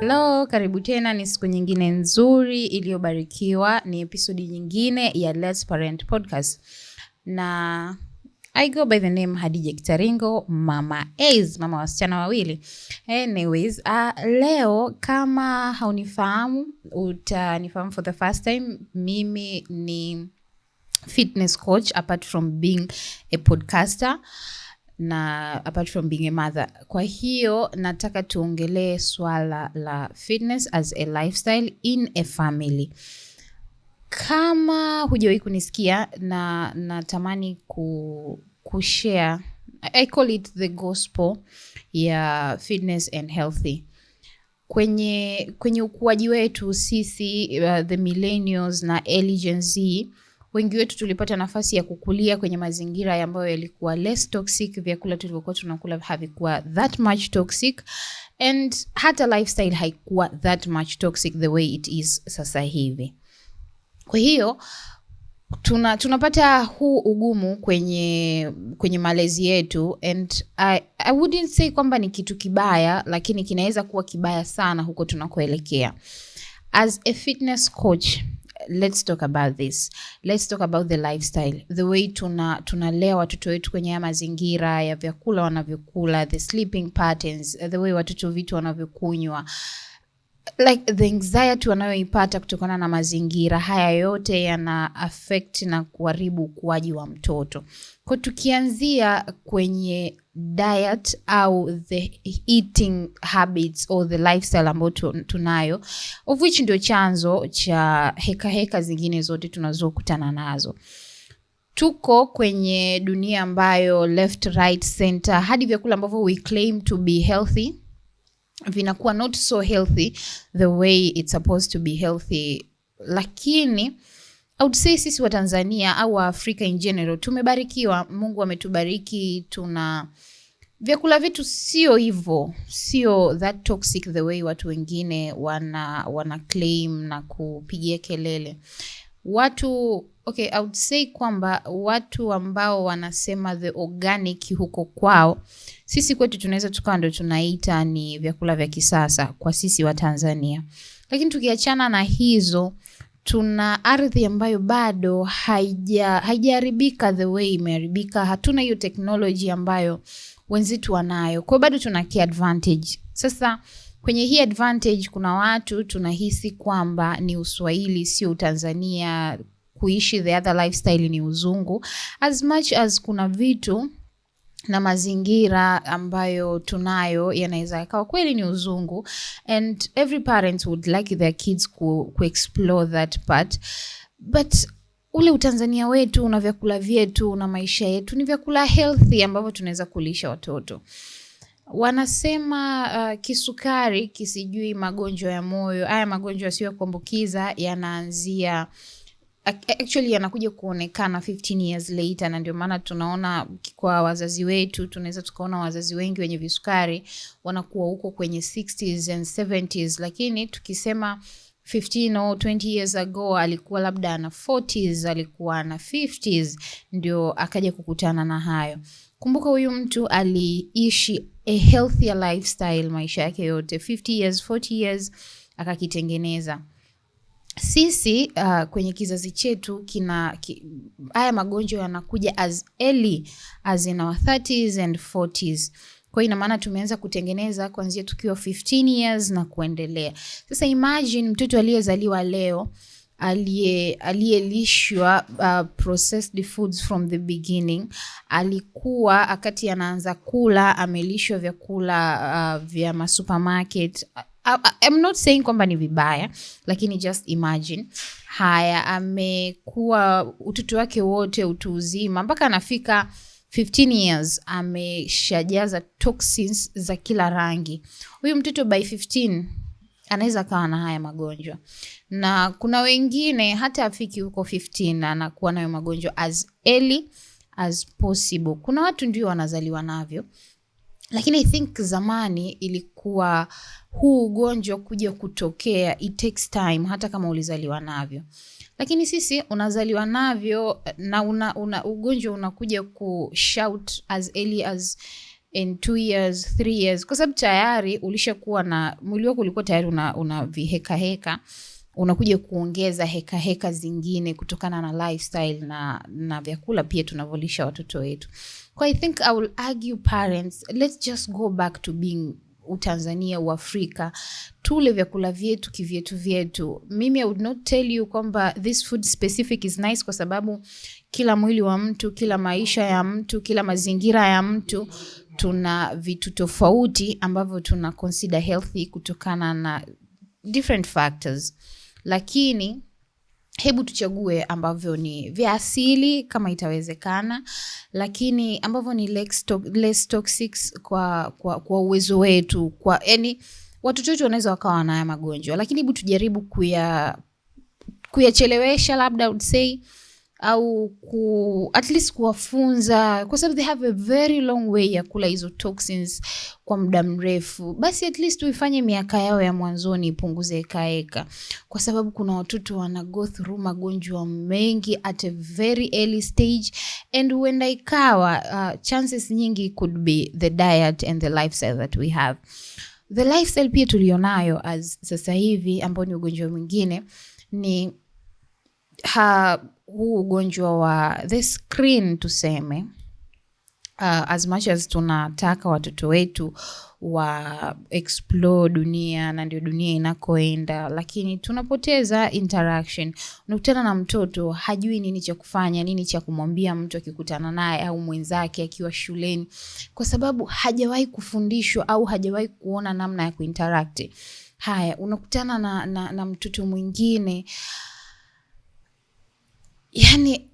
Hello, karibu tena, ni siku nyingine nzuri iliyobarikiwa, ni episodi nyingine ya Let's Parent Podcast. Na I go by the name Hadija Kitaringo, Mama Ace, mama wasichana wawili. Anyways, uh, leo kama haunifahamu utanifahamu for the first time, mimi ni fitness coach apart from being a podcaster na apart from being a mother. Kwa hiyo nataka tuongelee swala la fitness as a lifestyle in a family. Kama hujawahi kunisikia na natamani ku, kushare I call it the gospel ya fitness and healthy kwenye, kwenye ukuaji wetu sisi uh, the millennials na early Gen wengi wetu tulipata nafasi ya kukulia kwenye mazingira ambayo yalikuwa less toxic, vyakula tulivyokuwa tunakula havikuwa that much toxic and hata lifestyle haikuwa that much toxic the way it is sasa hivi. Kwa hiyo tuna tunapata huu ugumu kwenye kwenye malezi yetu and I, I wouldn't say kwamba ni kitu kibaya, lakini kinaweza kuwa kibaya sana huko tunakoelekea. As a fitness coach let's talk about this, let's talk about the lifestyle, the way tuna tunalea watoto wetu kwenye haya mazingira ya vyakula wanavyokula, the sleeping patterns, the way watoto vitu wanavyokunywa like the anxiety wanayoipata kutokana na mazingira haya yote yana affect na kuharibu ukuaji wa mtoto. Kwa tukianzia kwenye diet au the eating habits or the lifestyle ambayo tunayo of which ndio chanzo cha heka heka zingine zote tunazokutana nazo. Tuko kwenye dunia ambayo left right center, hadi vyakula ambavyo we claim to be healthy vinakuwa not so healthy the way it's supposed to be healthy, lakini I would say sisi wa Tanzania au wa Afrika in general tumebarikiwa. Mungu ametubariki, tuna vyakula vyetu sio hivyo, sio that toxic the way watu wengine wana wana claim na kupigia kelele watu. Okay, I would say kwamba watu ambao wanasema the organic huko kwao, sisi kwetu tunaweza tukawa ndo tunaita ni vyakula vya kisasa kwa sisi wa Tanzania, lakini tukiachana na hizo tuna ardhi ambayo bado haijaharibika the way imeharibika. Hatuna hiyo teknoloji ambayo wenzetu wanayo, kwa hiyo bado tuna key advantage. Sasa kwenye hii advantage kuna watu tunahisi kwamba ni uswahili sio Utanzania, kuishi the other lifestyle ni uzungu, as much as kuna vitu na mazingira ambayo tunayo yanaweza yakawa kweli ni uzungu and every parent would like their kids ku, ku explore that part but ule utanzania wetu na vyakula vyetu na maisha yetu ni vyakula healthy ambavyo tunaweza kulisha watoto wanasema uh, kisukari kisijui magonjwa ya moyo haya magonjwa yasiyo kuambukiza yanaanzia actually anakuja kuonekana 15 years later, na ndio maana tunaona kwa wazazi wetu, tunaweza tukaona wazazi wengi wenye visukari wanakuwa huko kwenye 60s and 70s, lakini tukisema 15 or 20 years ago alikuwa labda ana 40s, alikuwa ana 50s, ndio akaja kukutana na hayo. Kumbuka huyu mtu aliishi a healthier lifestyle maisha yake yote 50 years, 40 years akakitengeneza sisi uh, kwenye kizazi chetu kina ki, haya magonjwa yanakuja as early as in our 30s and 40s. Kwa ina maana tumeanza kutengeneza kuanzia tukiwa 15 years na kuendelea. Sasa imagine mtoto aliyezaliwa leo aliyelishwa uh, processed foods from the beginning, alikuwa akati anaanza kula amelishwa vyakula uh, vya masupermarket I'm not saying kwamba ni vibaya, lakini just imagine haya, amekuwa utoto wake wote utu uzima mpaka anafika 15 years ameshajaza toxins za kila rangi. Huyu mtoto by 15 anaweza akawa na haya magonjwa, na kuna wengine hata afiki huko 15 anakuwa nayo magonjwa as early as possible. Kuna watu ndio wanazaliwa navyo, lakini I think zamani ilikuwa huu ugonjwa kuja kutokea it takes time, hata kama ulizaliwa navyo. Lakini sisi unazaliwa navyo na una, una ugonjwa unakuja ku shout as early as in two years, three years, kwa sababu tayari ulishakuwa na mwili wako ulikuwa tayari una, una vihekaheka unakuja kuongeza hekaheka heka zingine kutokana na lifestyle na na vyakula pia tunavyolisha watoto wetu. I think I will argue parents, let's just go back to being Utanzania, Uafrika, tule vyakula vyetu kivyetu vyetu. Mimi I would not tell you kwamba this food specific is nice, kwa sababu kila mwili wa mtu, kila maisha ya mtu, kila mazingira ya mtu tuna vitu tofauti ambavyo tuna consider healthy kutokana na different factors, lakini hebu tuchague ambavyo ni vya asili kama itawezekana, lakini ambavyo ni less, to less toxic kwa, kwa, kwa uwezo wetu kwa yani, watoto wetu wanaweza wakawa na magonjwa, lakini hebu tujaribu kuya kuyachelewesha labda I would say au ku, at least kuwafunza kwa sababu they have a very long way ya kula hizo toxins kwa muda mrefu, basi at least uifanye miaka yao ya mwanzoni ipunguze ekaeka, kwa sababu kuna watoto wana go through magonjwa mengi at a very early stage and huenda ikawa uh, chances nyingi could be the diet and the lifestyle that we have the lifestyle pia tulionayo as sasa hivi ambao ni ugonjwa mwingine ni ha, huu ugonjwa wa the screen tuseme, uh, as much as tunataka watoto wetu wa explore dunia na ndio dunia inakoenda, lakini tunapoteza interaction. Unakutana na mtoto hajui nini cha kufanya, nini cha kumwambia mtu akikutana naye au mwenzake akiwa shuleni, kwa sababu hajawahi kufundishwa au hajawahi kuona namna ya kuinteract. Haya, unakutana na, na, na mtoto mwingine yani,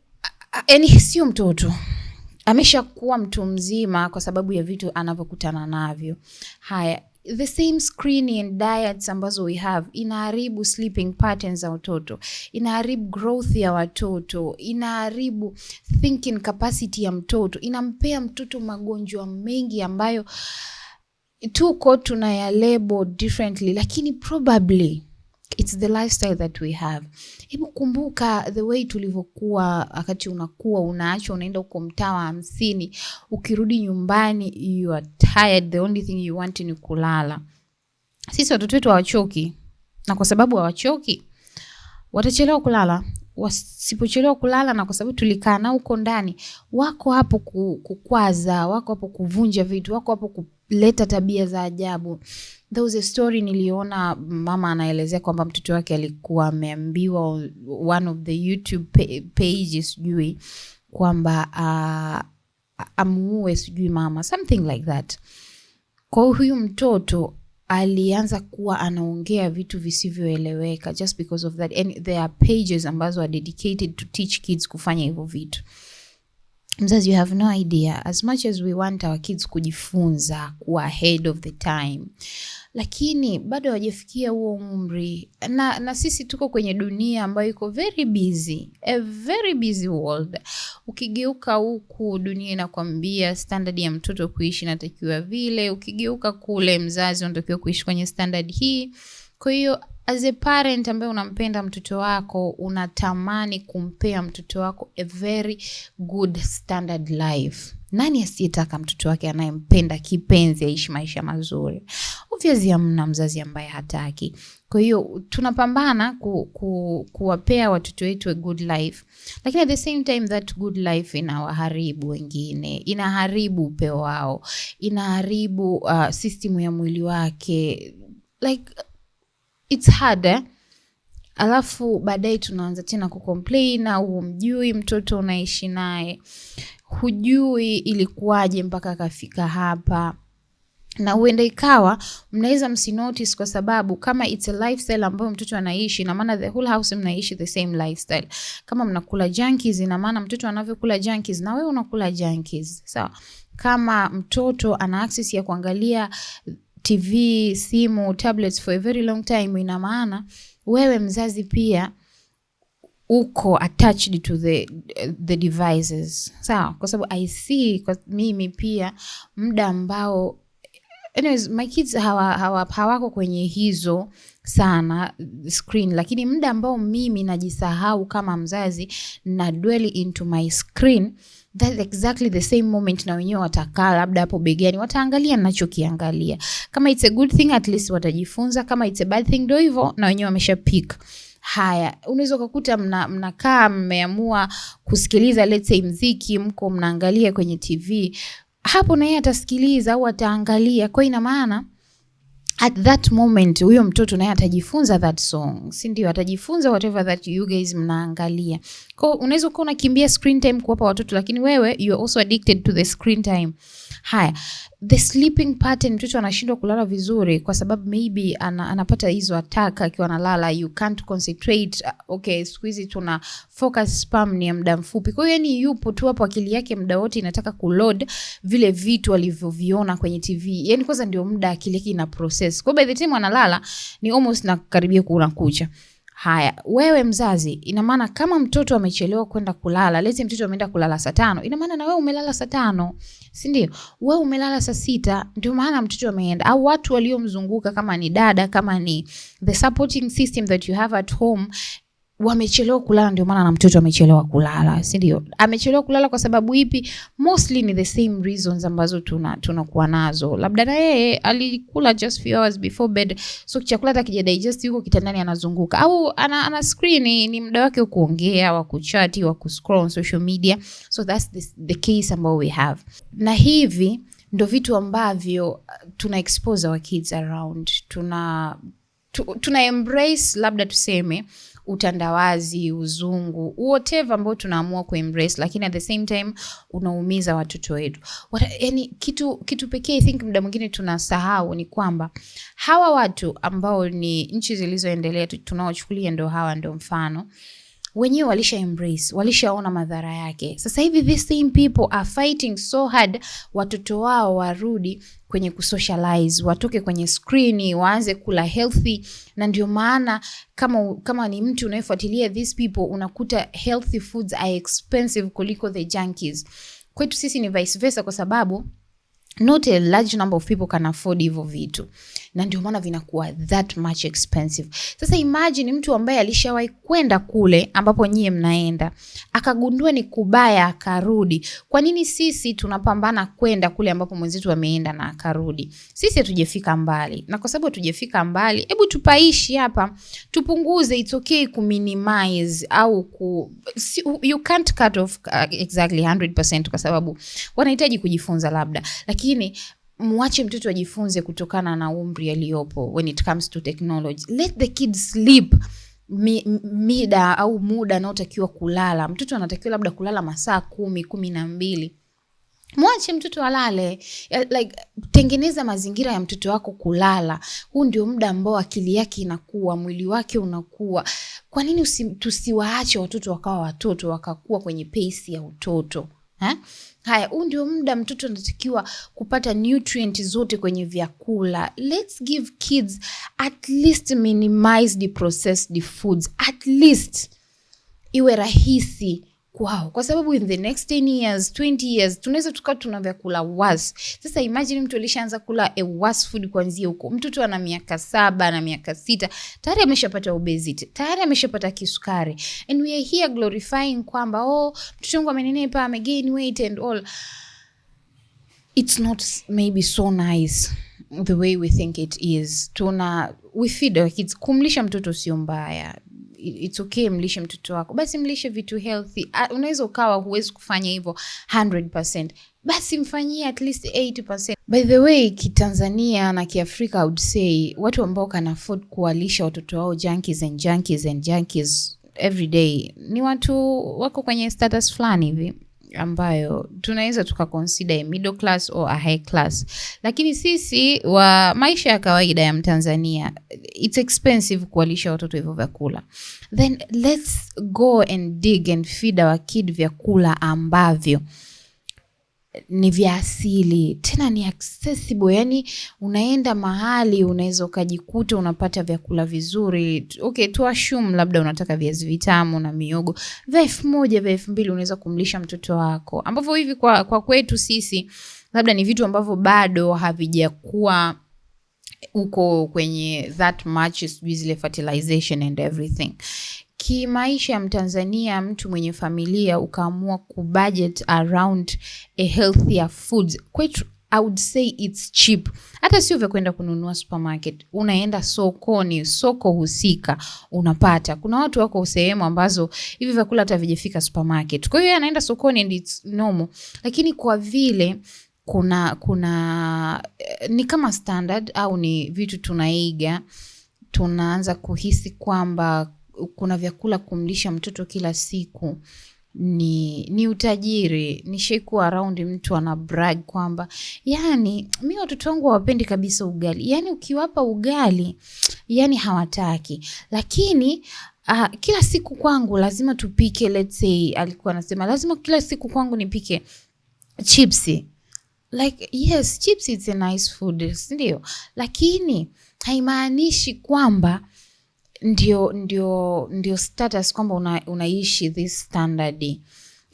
yani sio mtoto ameshakuwa mtu mzima kwa sababu ya vitu anavyokutana navyo. Haya, the same screen and diets ambazo we have inaharibu sleeping patterns za watoto, inaharibu growth ya watoto, inaharibu thinking capacity ya mtoto, inampea mtoto magonjwa mengi ambayo tuko tunayalebo differently, lakini probably It's the lifestyle that we have. Hebu kumbuka the way tulivyokuwa wakati unakuwa unaachwa unaenda huko mtaa wa hamsini, ukirudi nyumbani you are tired, the only thing you want ni kulala. Sisi watoto wetu hawachoki, na kwa sababu hawachoki watachelewa kulala. Wasipochelewa kulala, na kwa sababu tulikaa nao huko ndani, wako hapo kukwaza, wako hapo kuvunja vitu, wako hapo ku leta tabia za ajabu. There was a story niliona mama anaelezea kwamba mtoto wake alikuwa ameambiwa one of the YouTube pages sijui kwamba uh, amuue sijui mama something like that. Kwa huyu mtoto alianza kuwa anaongea vitu visivyoeleweka just because of that and there are pages ambazo are dedicated to teach kids kufanya hivyo vitu. Mzazi, you have no idea as much as we want our kids kujifunza kuwa ahead of the time, lakini bado hawajafikia huo umri na, na sisi tuko kwenye dunia ambayo iko very busy, a very busy world. Ukigeuka huku dunia inakwambia standard ya mtoto kuishi inatakiwa vile, ukigeuka kule mzazi unatakiwa kuishi kwenye standard hii, kwa hiyo as a parent ambaye unampenda mtoto wako, unatamani kumpea mtoto wako a very good standard life. Nani asiyetaka mtoto wake anayempenda kipenzi aishi maisha mazuri? Obviously hamna mzazi ambaye hataki. Kwa hiyo tunapambana ku, ku, kuwapea watoto wetu a good life, lakini at the same time that good life inawaharibu wengine, inaharibu upeo wao, inaharibu uh, system ya mwili wake like it's eh? alafu baadaye tunaanza tena kucomplain au humjui mtoto unaishi naye, hujui ilikuwaje mpaka akafika hapa, na huenda ikawa mnaweza msinotice, kwa sababu kama it's a lifestyle ambayo mtoto anaishi, ina maana the whole house mnaishi the same lifestyle. Kama mnakula junkies, ina maana mtoto anavyokula junkies na wewe unakula junkies, sawa? So, kama mtoto ana access ya kuangalia TV, simu, tablets for a very long time, ina maana wewe mzazi pia uko attached to the, the devices sawa, kwa sababu I see kwa mimi pia muda ambao anyways my kids hawa, hawa, hawako kwenye hizo sana screen, lakini muda ambao mimi najisahau kama mzazi na dwell into my screen that exactly the same moment na wenyewe watakaa labda hapo begani, wataangalia nachokiangalia Kama it's a good thing at least watajifunza, kama it's a bad thing ndo hivyo, na wenyewe wameshapika. Haya, unaweza ukakuta mnakaa mna mmeamua kusikiliza let's say mziki, mko mnaangalia kwenye TV hapo, na yeye atasikiliza au ataangalia, kwa ina maana at that moment huyo mtoto naye atajifunza that song, si ndio? Atajifunza whatever that you guys mnaangalia. ko unaweza ukawa unakimbia screen time kuwapa watoto, lakini wewe you are also addicted to the screen time. Haya, the sleeping pattern, mtoto anashindwa kulala vizuri kwa sababu maybe ana, anapata hizo attack akiwa analala, you can't concentrate. Uh, okay, siku hizi tuna focus spam ni muda mfupi, kwa hiyo yani yupo tu hapo, akili yake muda wote inataka kuload vile vitu alivyoviona kwenye TV. Yani kwanza ndio muda akili yake ina process, kwa by the time analala ni almost nakaribia karibia kucha Haya, wewe mzazi, ina maana kama mtoto amechelewa kwenda kulala, leti mtoto ameenda kulala saa tano, ina maana na wewe umelala saa tano, si ndio? Wewe umelala saa sita, ndio maana mtoto ameenda, au watu waliomzunguka, kama ni dada, kama ni the supporting system that you have at home wamechelewa kulala, ndio maana na mtoto amechelewa kulala, si ndio? Amechelewa kulala kwa sababu ipi? Mostly ni the same reasons ambazo tuna tunakuwa nazo, labda na yeye alikula just few hours before bed, so chakula hata kija digest, yuko kitandani anazunguka, au ana, ana screen ni muda wake wa kuongea, wa kuchati, wa kuscroll on social media, so that's the, the case ambayo we have, na hivi ndo vitu ambavyo uh, tuna expose our kids around, tuna tuna embrace labda tuseme utandawazi, uzungu, whatever ambao tunaamua kuembrace, lakini at the same time unaumiza watoto wetu. Yani kitu, kitu pekee I think muda mwingine tunasahau ni kwamba hawa watu ambao ni nchi zilizoendelea tunaochukulia ndo hawa ndo mfano wenyewe walisha embrace, walishaona madhara yake. Sasa hivi the same people are fighting so hard watoto wao warudi kwenye kusocialize, watoke kwenye skrini, waanze kula healthy. Na ndio maana kama, kama ni mtu unayefuatilia these people unakuta healthy foods are expensive kuliko the junkies. Kwetu sisi ni vice versa, kwa sababu not a large number of people can afford hivyo vitu na ndio maana vinakuwa that much expensive. Sasa imagine mtu ambaye alishawahi kwenda kule ambapo nyie mnaenda akagundua ni kubaya akarudi. Kwa nini sisi tunapambana kwenda kule ambapo mwenzetu ameenda na akarudi? Sisi hatujafika mbali, na kwa sababu hatujafika mbali, hebu tupaishi hapa, tupunguze. It's okay ku minimize au ku, you can't cut off uh, exactly 100% kwa sababu wanahitaji kujifunza labda, lakini mwache mtoto ajifunze kutokana na umri aliyopo when it comes to technology. Let the kids sleep mi, mida au muda anaotakiwa kulala. Mtoto anatakiwa labda kulala masaa kumi kumi na mbili mwache mtoto alale. Like, tengeneza mazingira ya mtoto wako kulala. Huu ndio muda ambao akili yake inakuwa, mwili wake unakuwa. Kwa nini tusiwaache watoto wakawa watoto, wakakuwa kwenye pesi ya utoto? Ha? Haya, huu ndio muda mtoto anatakiwa kupata nutrient zote kwenye vyakula. Let's give kids at least minimized processed foods. At least iwe rahisi kwao, kwa sababu in the next 10 years, 20 years tunaweza tukawa tuna vyakula worse. Sasa imagine mtu alishaanza kula a worse food kuanzia huko, mtoto ana miaka saba na miaka sita tayari ameshapata obesity, tayari ameshapata kisukari, and we are here glorifying kwamba oh, mtoto wangu amenenepa, amegain weight and all. It's not maybe so nice the way we think it is. Tuna we feed our kids, kumlisha mtoto sio mbaya it's okay, mlishe mtoto wako, basi mlishe vitu healthy. Uh, unaweza ukawa huwezi kufanya hivyo 100%, basi mfanyie at least 80%. By the way, kitanzania na kiafrika I would say watu ambao kana food kuwalisha watoto wao junkies and junkies and junkies every day ni watu wako kwenye status fulani hivi ambayo tunaweza tukakonsida middle class or a high class, lakini sisi wa maisha ya kawaida ya Mtanzania, it's expensive kuwalisha watoto hivyo vyakula, then let's go and dig and feed our kid vyakula ambavyo ni vya asili tena ni accessible, yani unaenda mahali unaweza ukajikuta unapata vyakula vizuri. Okay, tu assume labda unataka viazi vitamu na miogo vya elfu moja vya elfu mbili unaweza kumlisha mtoto wako, ambavyo hivi kwa, kwa kwetu sisi labda ni vitu ambavyo bado havijakuwa uko kwenye that much, sijui zile fertilization and everything Kimaisha, Mtanzania, mtu mwenye familia ukaamua kubudget around a healthier foods, kwetu I would say it's cheap. Hata sio vya kwenda kununua supermarket, unaenda sokoni, soko husika unapata. Kuna watu wako sehemu ambazo hivi vyakula hata vijafika supermarket, kwa hiyo anaenda sokoni and it's normal, lakini kwa vile kuna kuna eh, ni kama standard au ni vitu tunaiga, tunaanza kuhisi kwamba kuna vyakula kumlisha mtoto kila siku ni ni utajiri. Nishaikuwa araundi mtu ana brag kwamba yani, mi watoto wangu hawapendi kabisa ugali, yani ukiwapa ugali yani hawataki, lakini uh, kila siku kwangu lazima tupike, let's say alikuwa anasema lazima kila siku kwangu nipike chipsi. Like yes, chips is a nice food, sindio? Lakini haimaanishi kwamba ndio, ndio, ndio status kwamba una, unaishi this standard.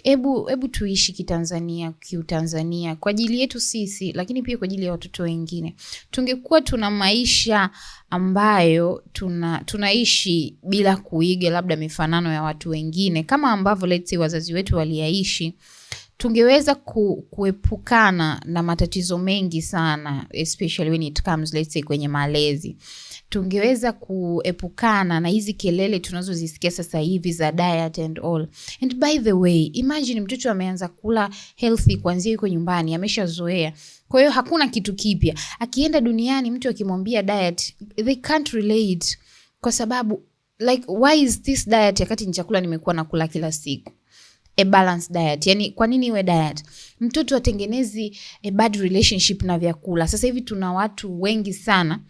Hebu hebu tuishi kitanzania kiutanzania kwa ajili yetu sisi, lakini pia kwa ajili ya watoto wengine. Tungekuwa tuna maisha ambayo tuna tunaishi bila kuiga labda mifanano ya watu wengine kama ambavyo let's say wazazi wetu waliyaishi, tungeweza ku, kuepukana na matatizo mengi sana especially when it comes let's say kwenye malezi tungeweza kuepukana na hizi kelele tunazozisikia sasa hivi za diet and all. And by the way, imagine mtoto ameanza kula healthy kuanzia yuko nyumbani, ameshazoea kwa hiyo hakuna kitu kipya. Akienda duniani, mtu akimwambia diet, they can't relate kwa sababu like why is this diet wakati ni chakula nimekuwa nakula kila siku? A balanced diet. Yani, kwa nini iwe diet? Mtoto atengenezi a bad relationship na vyakula. Sasa hivi tuna watu wengi sana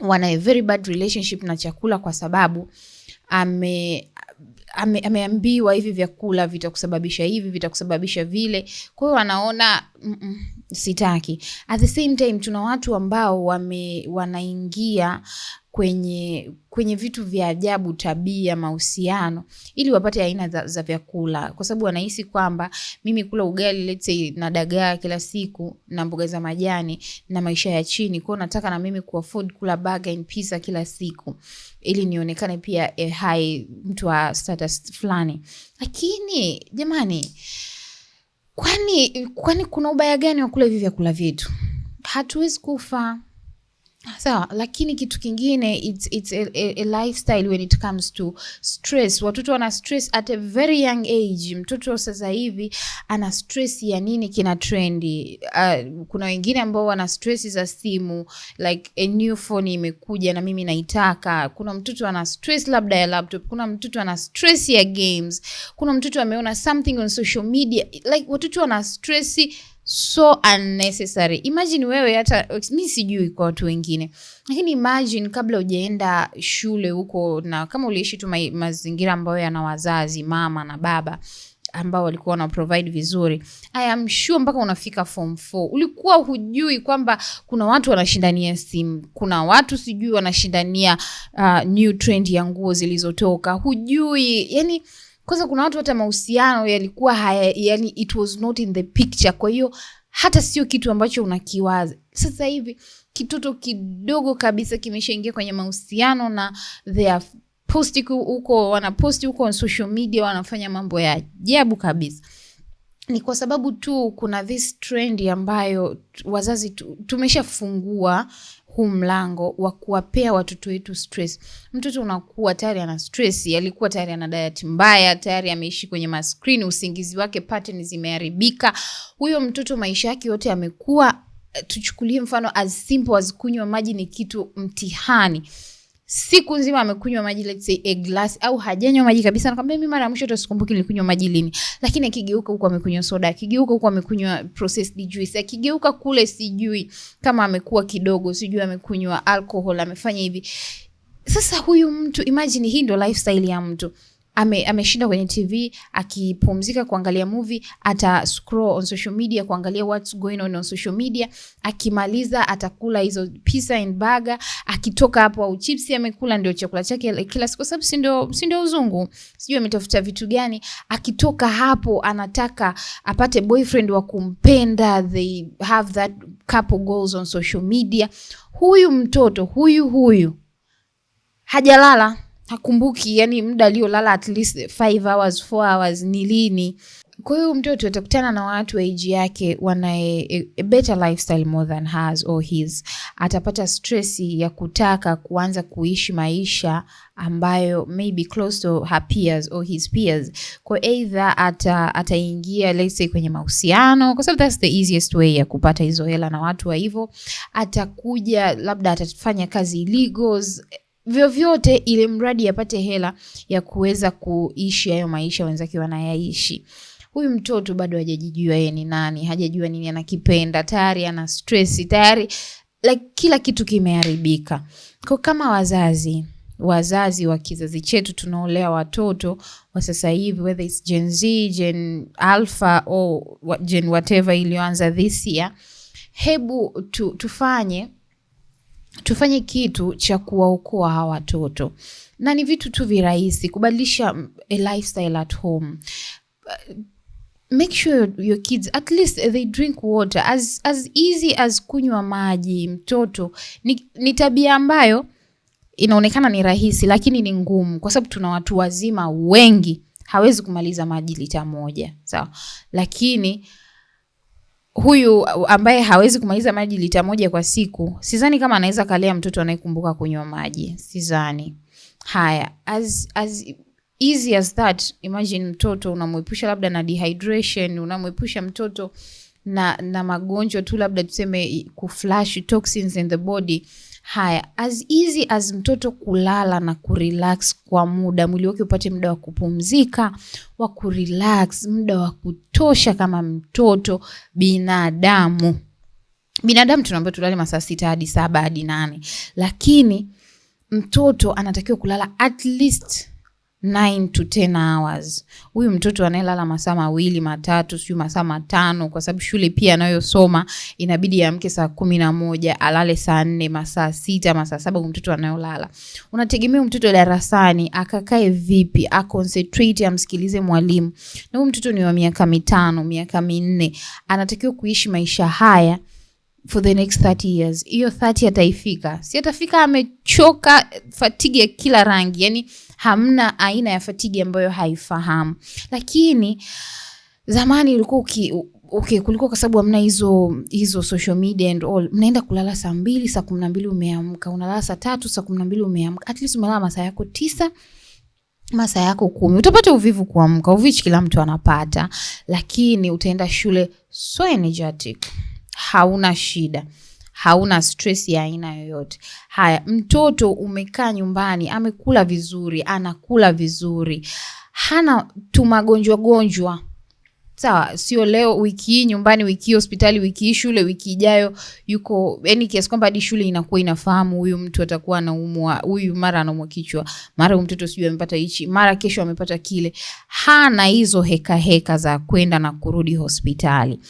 wana a very bad relationship na chakula kwa sababu ame ameambiwa hivi vyakula vitakusababisha hivi vitakusababisha vile, kwa hiyo wanaona mm -mm, sitaki. At the same time tuna watu ambao wame, wanaingia kwenye kwenye vitu vya ajabu, tabia, mahusiano, ili wapate aina za, za vyakula, kwa sababu wanahisi kwamba mimi kula ugali let's say na dagaa kila siku na mboga za majani na maisha ya chini kwao, nataka na mimi kuafford kula burger and pizza kila siku ili nionekane pia eh, hai mtu wa status fulani. Lakini jamani, kwani kwani kuna ubaya gani wa kula hivi vyakula vyetu? Hatuwezi kufa Sawa, lakini kitu kingine it's, it's a, a, a lifestyle when it comes to stress. Watoto wana stress at a very young age. Mtoto sasa hivi ana stress ya nini kina trendi. Uh, ah, kuna wengine ambao wana stress za simu like a new phone imekuja na mimi naitaka. Kuna mtoto ana stress labda ya laptop, kuna mtoto ana stress ya games, kuna mtoto ameona something on social media like watoto wana stress so unnecessary. Imagine wewe hata mi sijui kwa watu wengine, lakini imagine kabla ujaenda shule huko, na kama uliishi tu mazingira ambayo yana wazazi mama na baba ambao walikuwa wanaprovid vizuri, I am sure mpaka unafika form 4 ulikuwa hujui kwamba kuna watu wanashindania simu, kuna watu sijui wanashindania uh, new trend ya nguo zilizotoka, hujui yani kwanza kuna watu hata mahusiano yalikuwa haya, yani it was not in the picture, kwa hiyo hata sio kitu ambacho unakiwaza. Sasa hivi kitoto kidogo kabisa kimeshaingia kwenye mahusiano na they are posti huko, wanaposti huko on social media, wanafanya mambo ya ajabu kabisa. Ni kwa sababu tu kuna this trend ambayo wazazi tu, tumeshafungua huu mlango wa kuwapea watoto wetu stress. Mtoto unakuwa tayari ana stress, alikuwa tayari ana diet mbaya, tayari ameishi kwenye maskrini, usingizi wake pattern zimeharibika. Huyo mtoto maisha yake yote amekuwa, eh, tuchukulie mfano as simple as kunywa maji ni kitu mtihani siku nzima amekunywa maji let's say a glass au hajanywa maji kabisa, nakwambia mimi mara ya mwisho sikumbuki nilikunywa maji lini. Lakini akigeuka huko amekunywa soda, akigeuka huko amekunywa processed juice, akigeuka kule sijui kama amekuwa kidogo, sijui amekunywa alcohol, amefanya hivi. Sasa huyu mtu imagine, hii ndio lifestyle ya mtu ame, ameshinda kwenye TV akipumzika kuangalia mvi ata scroll on social media kuangalia what's going on on social media. Akimaliza atakula hizo pisa and baga akitoka hapo au chips amekula, ndio chakula chake kila siku, sababu sindio uzungu, sijui ametafuta vitu gani. Akitoka hapo anataka apate boyfriend wa kumpenda, they have that couple goals on social media. Huyu mtoto huyu huyu hajalala hakumbuki yani muda aliolala at least five hours four hours ni lini. Kwa hiyo mtoto atakutana na watu wa age yake wana a, a better lifestyle more than hers or his. Atapata stress ya kutaka kuanza kuishi maisha ambayo maybe close to her peers or his peers. Kwa either ata ataingia let's say kwenye mahusiano kwa sababu that's the easiest way ya kupata hizo hela na watu wa hivyo. Atakuja labda atafanya kazi illegals vyovyote, ili mradi apate hela ya kuweza kuishi hayo maisha wenzake wanayaishi. Huyu mtoto bado hajajijua yeye ni nani, hajajua nini anakipenda, tayari ana stress tayari, like kila kitu kimeharibika. Kwa kama wazazi wazazi wa kizazi chetu tunaolea watoto wa sasa hivi, whether it's Gen Z, Gen Alpha or Gen whatever iliyoanza this year, hebu tu, tufanye tufanye kitu cha kuwaokoa hawa watoto, na ni vitu tu virahisi, kubadilisha mm, a lifestyle at home uh, make sure your kids at least they drink water as, as easy as kunywa maji. Mtoto ni, ni tabia ambayo inaonekana ni rahisi, lakini ni ngumu, kwa sababu tuna watu wazima wengi hawezi kumaliza maji lita moja sawa, so, lakini huyu ambaye hawezi kumaliza maji lita moja kwa siku, sidhani kama anaweza kalea mtoto anayekumbuka kunywa maji, sidhani. Haya, as, as easy as that, imagine mtoto unamwepusha labda na dehydration, unamwepusha mtoto na na magonjwa tu labda tuseme kuflash toxins in the body, Haya, as easy as mtoto kulala na kurelax kwa muda, mwili wake upate muda wa kupumzika, wa kurelax, muda wa kutosha kama mtoto binadamu. Binadamu tunaambiwa tulale masaa sita hadi saba hadi nane, lakini mtoto anatakiwa kulala at least 9 to 10 hours. Huyu mtoto anayelala masaa mawili matatu, sio masaa matano, kwa sababu shule pia anayosoma inabidi amke saa kumi na moja alale saa nne masaa sita masaa saba. Mtoto anayolala unategemea mtoto darasani akakae vipi? concentrate amsikilize mwalimu? Na huyu mtoto ni wa miaka mitano, miaka minne, anatakiwa kuishi maisha haya for the next 30 years. Hiyo 30 ataifika, si atafika, amechoka fatigi ya kila rangi, yani hamna aina ya fatigi ambayo haifahamu. Lakini zamani ilikuwa uki okay, kulikuwa kwa sababu hamna hizo hizo social media and all, mnaenda kulala saa mbili, saa kumi na mbili umeamka, unalala saa tatu, saa kumi na mbili umeamka, at least umelala masaa yako tisa masaa yako kumi. Utapata uvivu kuamka, uvichi kila mtu anapata, lakini utaenda shule so energetic hauna shida hauna stress ya aina yoyote. Haya, mtoto umekaa nyumbani, amekula vizuri, anakula vizuri, hana tumagonjwa gonjwa, sawa? Sio leo, wiki hii nyumbani, wiki hii hospitali, wiki hii shule, wiki ijayo yuko yani, kiasi kwamba hadi shule inakuwa inafahamu huyu mtu atakuwa anaumwa, huyu mara anaumwa kichwa, mara huyu mtoto sijui amepata hichi, mara kesho amepata kile. Hana hizo heka heka za kwenda na kurudi hospitali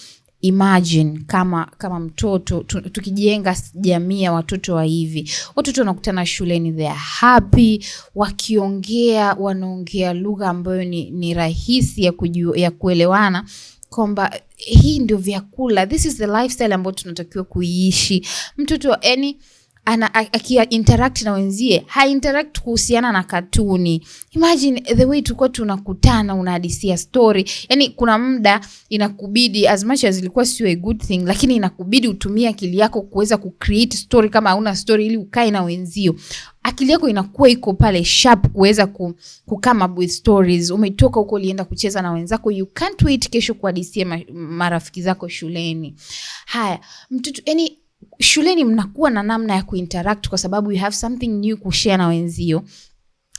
imagine kama kama mtoto tu, tukijenga jamii ya watoto wa hivi, watoto wanakutana shuleni, they are happy, wakiongea wanaongea lugha ambayo ni, ni rahisi ya, kuju, ya kuelewana kwamba hii ndio vyakula, this is the lifestyle ambayo tunatakiwa kuiishi mtoto yani ana akia interact na wenzie ha interact kuhusiana na katuni. Imagine the way tulikuwa tunakutana, unahadisia story, yani kuna muda inakubidi as much as ilikuwa sio a good thing, lakini inakubidi utumie akili yako kuweza kucreate story kama hauna story, ili ukae na wenzio akili yako inakuwa iko pale sharp kuweza ku, ku come up with stories. Umetoka huko ulienda kucheza na wenzako, you can't wait kesho kuhadisia marafiki zako shuleni. Haya mtoto yani shuleni mnakuwa na namna ya kuinteract kwa sababu you have something new kushare na wenzio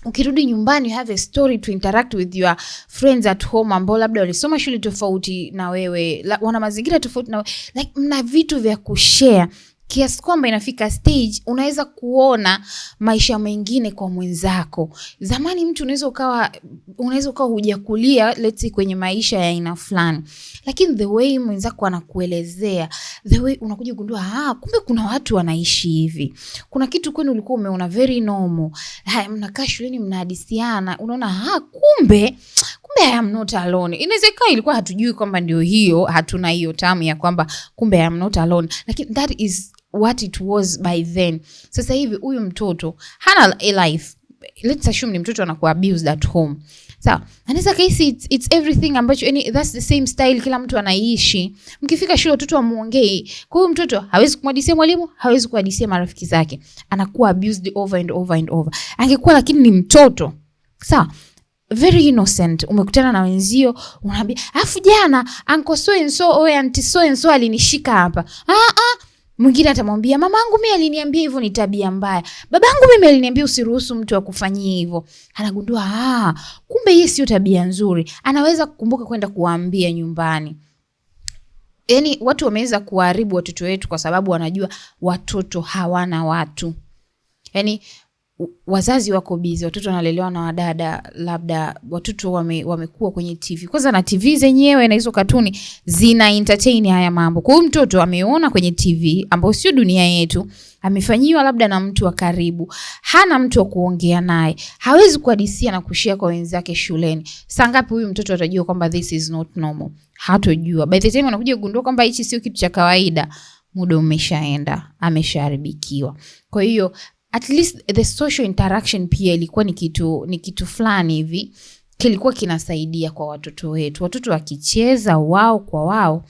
ukirudi nyumbani you have a story to interact with your friends at home ambao labda walisoma shule tofauti na wewe, wana mazingira tofauti na wewe, like mna vitu vya kushare kiasi kwamba inafika stage unaweza kuona maisha mengine kwa mwenzako. Zamani mtu unaweza ukawa unaweza ukawa hujakulia let's say kwenye maisha ya aina fulani, lakini the way mwenzako anakuelezea, the way unakuja kugundua ah, kumbe kuna watu wanaishi hivi, kuna kitu kwenu ulikuwa umeona very normal. Haya, mnakaa shuleni mnahadisiana, unaona ah, kumbe kumbe I am not alone. Inaweza Inawezekana ilikuwa hatujui kwamba ndio hiyo, hatuna hiyo tamu ya kwamba kumbe I am not alone, lakini that is what it was by then. Sasa hivi huyu mtoto hana a life, let's assume ni mtoto anakuwa abused at home sawa. so, Anaweza kaisi it's, it's everything ambacho any that's the same style kila mtu anaishi. Mkifika shule watoto amuongei, kwa hiyo mtoto hawezi kumwadisia mwalimu, hawezi kuadisia marafiki zake, anakuwa abused over and over and over. Angekuwa lakini ni mtoto sawa so, very innocent, umekutana na wenzio unaambia, afu jana uncle so and so, oh auntie so and so alinishika hapa. Ah ah Mwingine atamwambia mamangu mimi aliniambia hivyo, ni tabia mbaya. Babangu mimi aliniambia usiruhusu mtu akufanyie hivyo. Anagundua ah, kumbe hii sio tabia nzuri. Anaweza kukumbuka kwenda kuwaambia nyumbani. Yaani watu wameweza kuharibu watoto wetu kwa sababu wanajua watoto hawana watu. Yaani wazazi wako bizi, watoto wanalelewa na wadada, labda watoto wame, kwenye TV kwanza, na TV zenyewe na hizo katuni zina entertain haya mambo. Kwa hiyo mtoto ameona kwenye TV ambayo sio dunia yetu, amefanyiwa labda na mtu wa karibu, hana mtu wa kuongea naye, hawezi kuhadisia na kushia kwa wenzake shuleni. Saa ngapi huyu mtoto atajua kwamba this is not normal? Hatojua. By the time anakuja kugundua kwamba hichi sio kitu cha kawaida, muda umeshaenda, ameshaharibikiwa. Kwa hiyo at least the social interaction pia ilikuwa ni kitu ni kitu fulani hivi kilikuwa kinasaidia kwa watoto wetu. Watoto wakicheza wao kwa wao,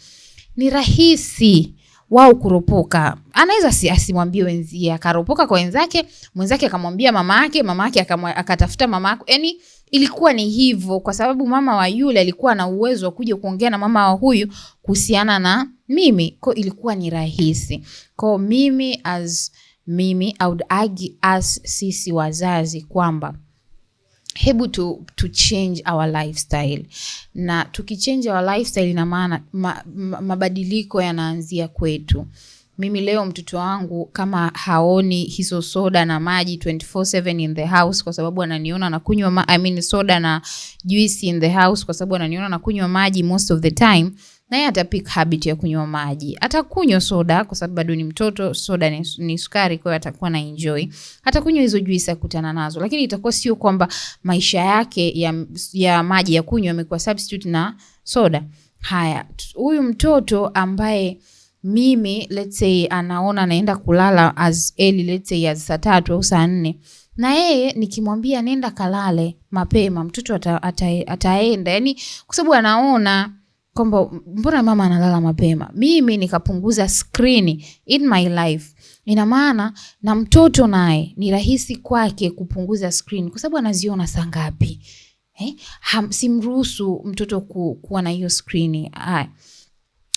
ni rahisi wao kuropoka. Anaweza si asimwambie wenzie, akaropoka kwa wenzake, mwenzake akamwambia mama yake, mama yake akatafuta mama yako. Yani ilikuwa ni hivyo, kwa sababu mama wa yule alikuwa na uwezo wa kuja kuongea na mama wa huyu kuhusiana na mimi, kwa ilikuwa ni rahisi kwa mimi as mimi I would argue as sisi wazazi kwamba hebu tu, tu change our lifestyle, na tukichange our lifestyle ina maana ma, ma, mabadiliko yanaanzia kwetu mimi leo mtoto wangu kama haoni hizo soda na maji 24/7 in the house, kwa sababu ananiona na kunywa I mean soda na juice in the house, kwa sababu ananiona na kunywa maji most of the time, naye ata pick habit ya kunywa maji. Atakunywa soda kwa sababu bado ni mtoto, soda ni, ni sukari, kwa hiyo atakuwa na enjoy. Atakunywa hizo juisi akutana nazo, lakini itakuwa sio kwamba maisha yake ya, ya maji ya kunywa yamekuwa substitute na soda. Haya, huyu mtoto ambaye mimi let's say anaona naenda kulala as early let's say as saa tatu au saa nne na yeye nikimwambia nenda kalale mapema mtoto ata, ata, ataenda yani, kwa sababu anaona kwamba mbona mama analala mapema. Mimi nikapunguza screen in my life, ina maana na mtoto naye ni rahisi kwake kupunguza screen kwa sababu anaziona saa ngapi eh? Simruhusu mtoto ku, kuwa na hiyo skrini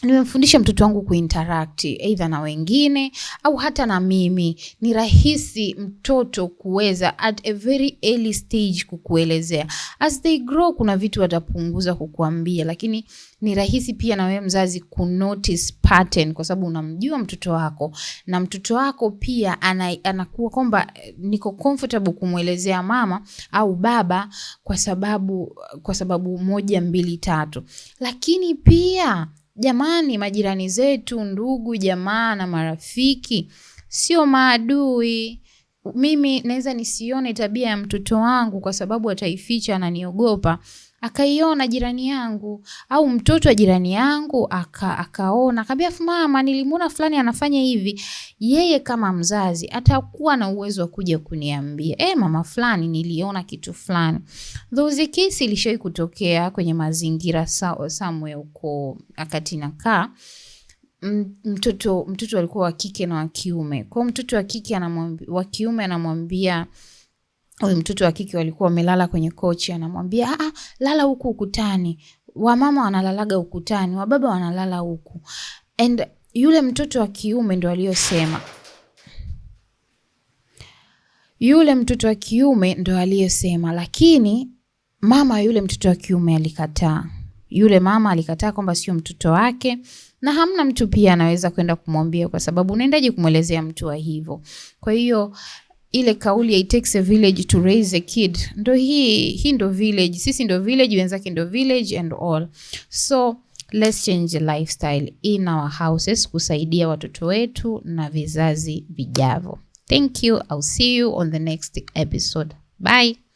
nimemfundisha mtoto wangu kuinteract eidha na wengine au hata na mimi. Ni rahisi mtoto kuweza at a very early stage kukuelezea. As they grow, kuna vitu watapunguza kukuambia, lakini ni rahisi pia na wewe mzazi ku notice pattern, kwa sababu unamjua mtoto wako na mtoto wako pia anakuwa kwamba eh, niko comfortable kumwelezea mama au baba kwa sababu, kwa sababu moja mbili tatu, lakini pia Jamani, majirani zetu, ndugu jamaa na marafiki sio maadui. Mimi naweza nisione tabia ya mtoto wangu kwa sababu ataificha, ananiogopa akaiona jirani yangu au mtoto wa jirani yangu aka, akaona akaambia, afu mama, nilimuona fulani anafanya hivi. Yeye kama mzazi atakuwa na uwezo wa kuja kuniambia eh, mama fulani niliona kitu fulani. Those kesi ilishawahi kutokea kwenye mazingira somewhere huko akati nakaa mtoto mtoto alikuwa wa kike na wa kiume. Kwa mtoto wa kike anamwambia wa kiume anamwambia huyu mtoto wa kike walikuwa wamelala kwenye kochi, anamwambia ah, ah, lala huku ukutani, wamama wanalalaga ukutani, wababa wanalala huku. And yule mtoto wa kiume ndo aliyosema, yule mtoto wa kiume ndo aliyosema, lakini mama yule mtoto wa kiume alikataa. Yule mama alikataa kwamba sio mtoto wake, na hamna mtu pia anaweza kwenda kumwambia, kwa sababu unaendaje kumwelezea mtu wa hivyo? Kwa hiyo ile kauli ya it takes a village to raise a kid ndo hii hii ndo village, sisi ndo village, wenzake ndo village and all. So let's change the lifestyle in our houses kusaidia watoto wetu na vizazi vijavyo. Thank you. I'll see you on the next episode. Bye.